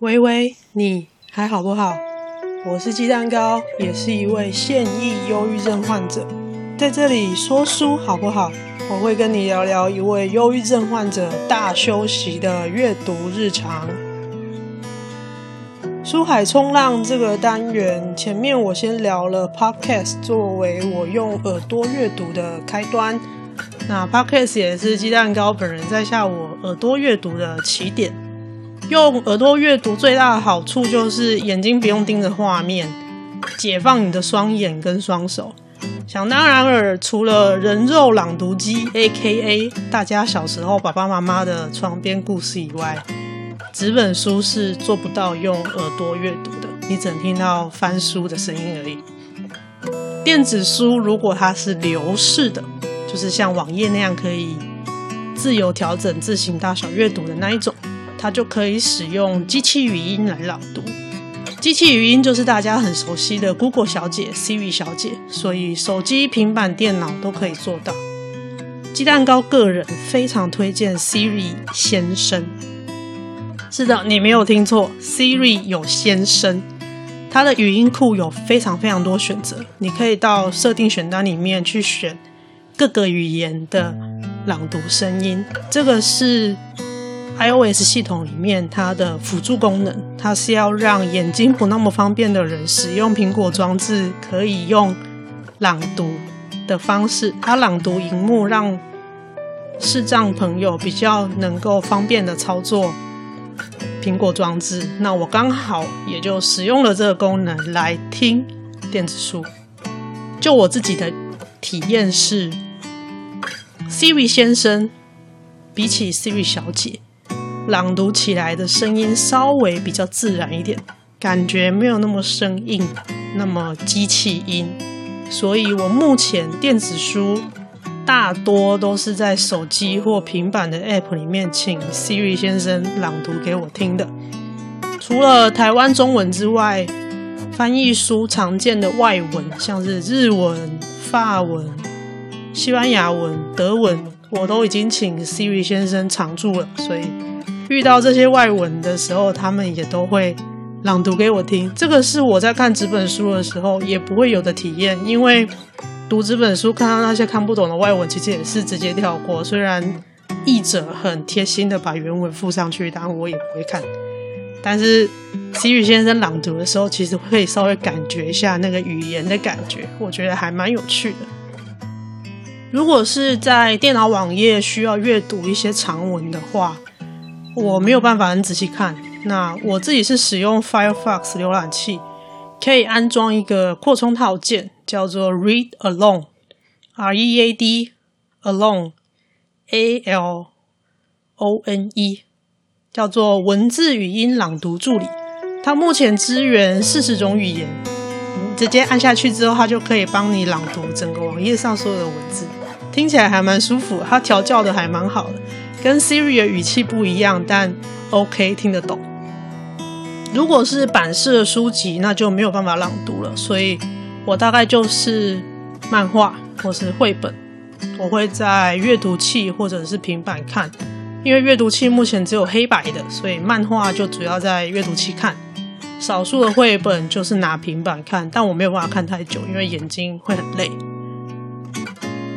喂喂，你還好不好？我是雞蛋糕，也是一位現役憂鬱症患者，在這裡說書好不好？我會跟你聊聊一位憂鬱症患者大休息的閱讀日常。書海衝浪這個單元，前面我先聊了 Podcast 作為我用耳朵閱讀的開端，那 Podcast 也是雞蛋糕本人在下我耳朵閱讀的起點。用耳朵閱讀最大的好處就是眼睛不用盯着畫面，解放你的雙眼跟雙手。想當然耳，除了人肉朗讀機 （A.K.A. 大家小時候爸爸媽媽的床邊故事）以外，紙本書是做不到用耳朵閱讀的，你只能聽到翻書的聲音而已。電子書如果它是流式的，就是像網頁那樣可以自由調整字型大小閱讀的那一種。它就可以使用機器語音來朗讀。機器語音就是大家很熟悉的 Google 小姐、Siri 小姐，所以手機、平板電腦都可以做到。雞蛋糕個人非常推薦 Siri 先生。是的，你沒有聽錯，Siri 有先生。它的語音庫有非常非常多選擇，你可以到設定選單裡面去選各個語言的朗讀聲音。這個是。iOS 系統裡面，它的輔助功能，它是要讓眼睛不那麼方便的人使用蘋果裝置，可以用朗讀的方式，啊，它朗讀熒幕，讓視障朋友比較能夠方便的操作蘋果裝置。那我剛好也就使用了這個功能來聽電子書。就我自己的體驗是，Siri 先生比起 Siri 小姐，朗讀起來的聲音稍微比較自然一點，感覺沒有那麼生硬，那麼機器音。所以，我目前電子書大多都是在手機或平板的 App 裡面，請 Siri 先生朗讀給我聽的。除了台灣中文之外，翻譯書常見的外文，像是日文、法文、西班牙文、德文，我都已經請 Siri 先生常駐了，所以。遇到這些外文的時候，他們也都會朗讀給我聽。這個是我在看紙本書的時候也不會有的體驗，因為讀紙本書看到那些看不懂的外文，其實也是直接跳過。雖然譯者很貼心的把原文附上去，但我也不會看。但是 siri 先生朗讀的時候，其實會稍微感覺一下那個語言的感覺，我覺得還蠻有趣的。如果是在電腦網頁需要閱讀一些長文的話，我沒有辦法很仔細看。那我自己是使用 Firefox 瀏覽器，可以安裝一個擴充套件，叫做 Read Alone，R E A D Alone, A L O N E，叫做文字語音朗讀助理。它目前支援四十種語言。直接按下去之後，它就可以幫你朗讀整個網頁上所有的文字，聽起來還蠻舒服，它調教的還蠻好的。跟 Siri 的語氣不一樣，但 OK 聽得懂。如果是版式的書籍，那就沒有辦法朗讀了，所以我大概就是漫畫或是繪本，我會在閱讀器或者是平板看。因為閱讀器目前只有黑白的，所以漫畫就主要在閱讀器看，少數的繪本就是拿平板看，但我沒有辦法看太久，因為眼睛會很累。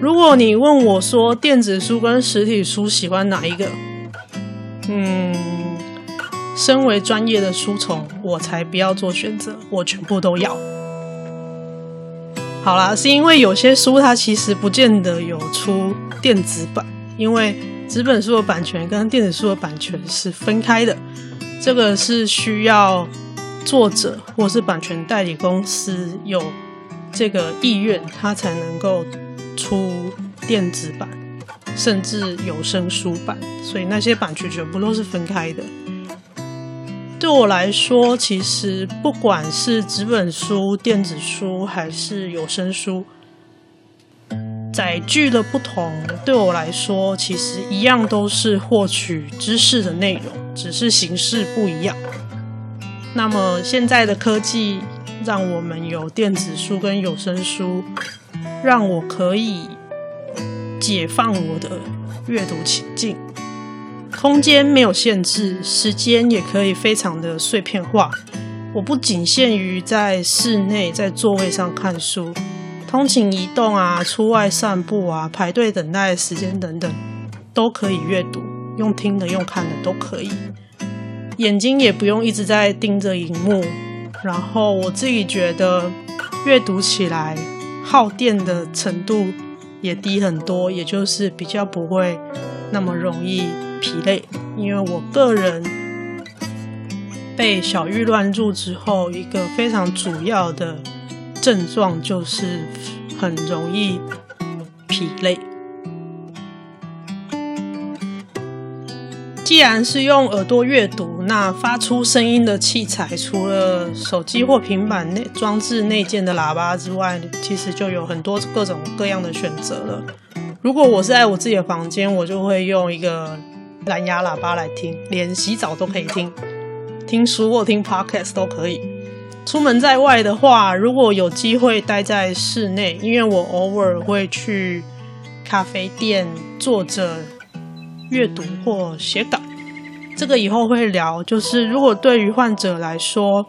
如果你問我說，電子書跟實體書喜歡哪一個，嗯，身為專業的書蟲，我才不要做選擇，我全部都要。好啦，是因為有些書它其實不見得有出電子版，因為紙本書的版權跟電子書的版權是分開的，這個是需要作者或是版權代理公司有這個意願，他才能夠。出電子版，甚至有聲書版，所以那些版權全部都是分開的。對我來說，其實不管是紙本書、電子書還是有聲書，載具的不同，對我來說其實一樣，都是獲取知識的內容，只是形式不一樣。那麼現在的科技讓我們有電子書跟有聲書。讓我可以解放我的閱讀情境，空間沒有限制，時間也可以非常的碎片化。我不僅限於在室內在座位上看書，通勤移動啊，出外散步啊，排隊等待時間等等，都可以閱讀，用聽的用看的都可以，眼睛也不用一直在盯着熒幕。然後我自己覺得閱讀起來。耗電的程度也低很多，也就是比較不會那麼容易疲累。因為我個人被小鬱亂入之後，一個非常主要的症狀就是很容易疲累。既然是用耳朵閱讀，那發出聲音的器材，除了手機或平板內裝置內建的喇叭之外，其實就有很多各種各樣的選擇了。如果我是在我自己的房間，我就會用一個藍牙喇叭來聽，連洗澡都可以聽，聽書或聽 Podcast 都可以。出門在外的話，如果有機會待在室內，因為我偶爾會去咖啡店坐着。閱讀或寫稿，這個以後會聊。就是如果對於患者來說，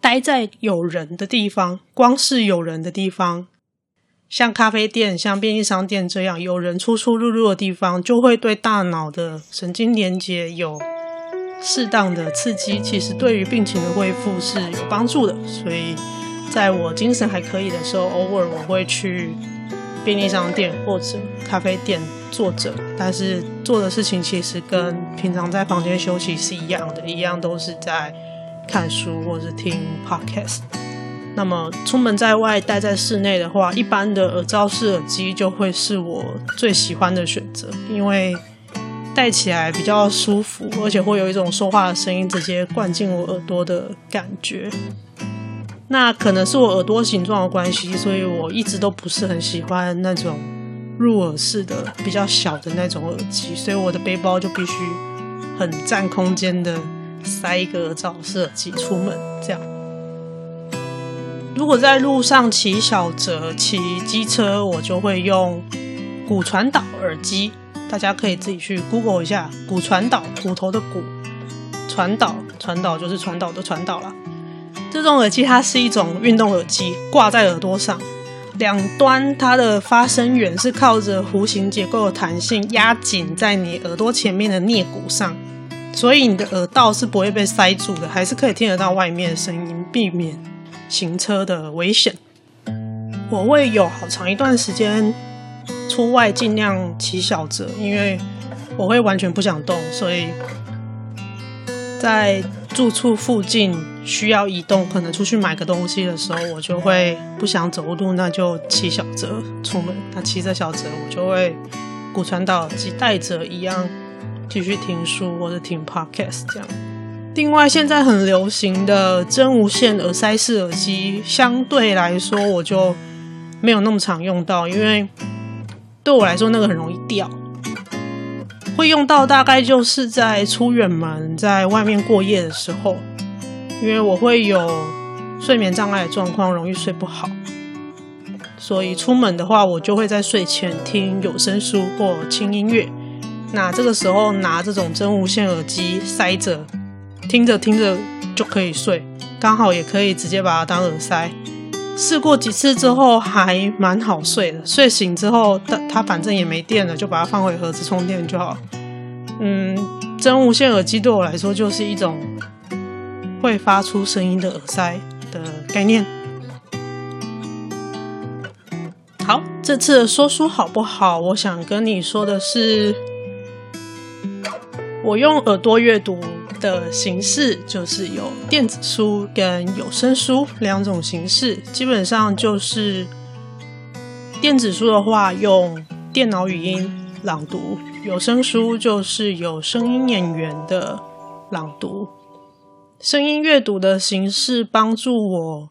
待在有人的地方，光是有人的地方，像咖啡店、像便利商店這樣有人出出入入的地方，就會對大腦的神經連接有適當的刺激。其實對於病情的恢復是有幫助的。所以在我精神還可以的時候，偶爾我會去便利商店或者咖啡店。坐着，但是做的事情其實跟平常在房間休息是一樣的，一樣都是在看書或者是聽 Podcast。那麼出門在外待在室內的話，一般的耳罩式耳機就會是我最喜歡的選擇，因為戴起來比較舒服，而且會有一種說話的聲音直接灌進我耳朵的感覺。那可能是我耳朵形狀的關係，所以我一直都不是很喜歡那種。入耳式的比較小的那種耳機，所以我的背包就必須很佔空間的塞一個耳罩式耳機出門。這樣，如果在路上騎小折車、騎機車，我就會用骨傳導耳機。大家可以自己去 Google 一下，骨傳導，骨頭的骨，傳導，傳導就是傳導的傳導啦。這種耳機它是一種運動耳機，掛在耳朵上。兩端它的發聲源是靠着弧形結構的彈性壓緊在你耳朵前面的顳骨上，所以你的耳道是不會被塞住的，還是可以聽得到外面的聲音，避免行車的危險。我會有好長一段時間出外盡量騎小折，因為我會完全不想動，所以在住處附近需要移動，可能出去買個東西的時候，我就會不想走路，那就騎小車出門。那騎着小車，我就會骨傳導耳機戴着一樣繼續聽書或者聽 podcast 這樣。另外，現在很流行的真無線耳塞式耳機，相對來說我就沒有那麼常用到，因為對我來說那個很容易掉。會用到大概就是在出遠門、在外面過夜的時候，因為我會有睡眠障礙的狀況，容易睡不好，所以出門的話，我就會在睡前聽有聲書或輕音樂。那這個時候拿這種真無線耳機塞着，聽着聽着就可以睡，剛好也可以直接把它當耳塞。試過幾次之後，還蠻好睡的。睡醒之後，它它反正也沒電了，就把它放回盒子充電就好。嗯，真無線耳機對我來說就是一種會發出聲音的耳塞的概念。好，這次的說書好不好，我想跟你說的是，我用耳朵閱讀。的形式就是有電子書跟有聲書兩種形式，基本上就是電子書的話用電腦語音朗讀，有聲書就是有聲音演員的朗讀。聲音閱讀的形式幫助我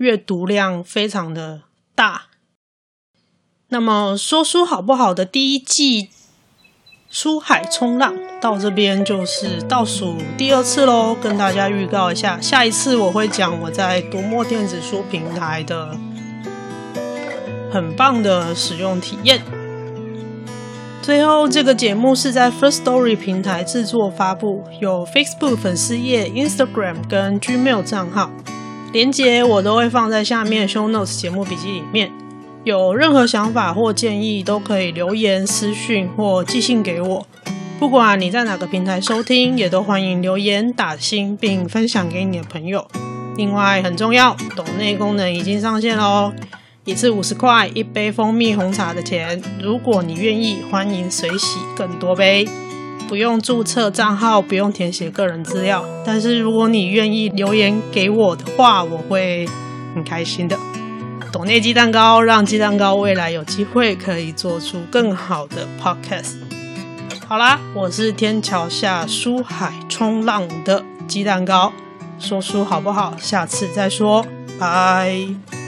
閱讀量非常的大。那麼說書好不好的第一季。書海衝浪到這邊就是倒數第二次嘍，跟大家預告一下，下一次我會講我在讀墨電子書平台的很棒的使用體驗。最後，這個節目是在 First Story 平台制作发布，有 Facebook 粉絲頁、Instagram 跟 Gmail 賬號，連結我都會放在下面 Show Notes 節目筆記裡面。有任何想法或建議，都可以留言私訊或寄信給我。不管你在哪個平台收聽，也都歡迎留言打星，並分享給你的朋友。另外，很重要，抖內功能已經上線嘍，一次五十塊一杯蜂蜜紅茶的錢。如果你願意，歡迎隨喜更多杯，不用注冊賬號，不用填寫個人資料。但是，如果你願意留言給我的話，我會很開心的。斗內雞蛋糕，讓雞蛋糕未來有機會可以做出更好的 Podcast。好啦，我是天橋下書海衝浪的雞蛋糕，說書好不好？下次再說，拜。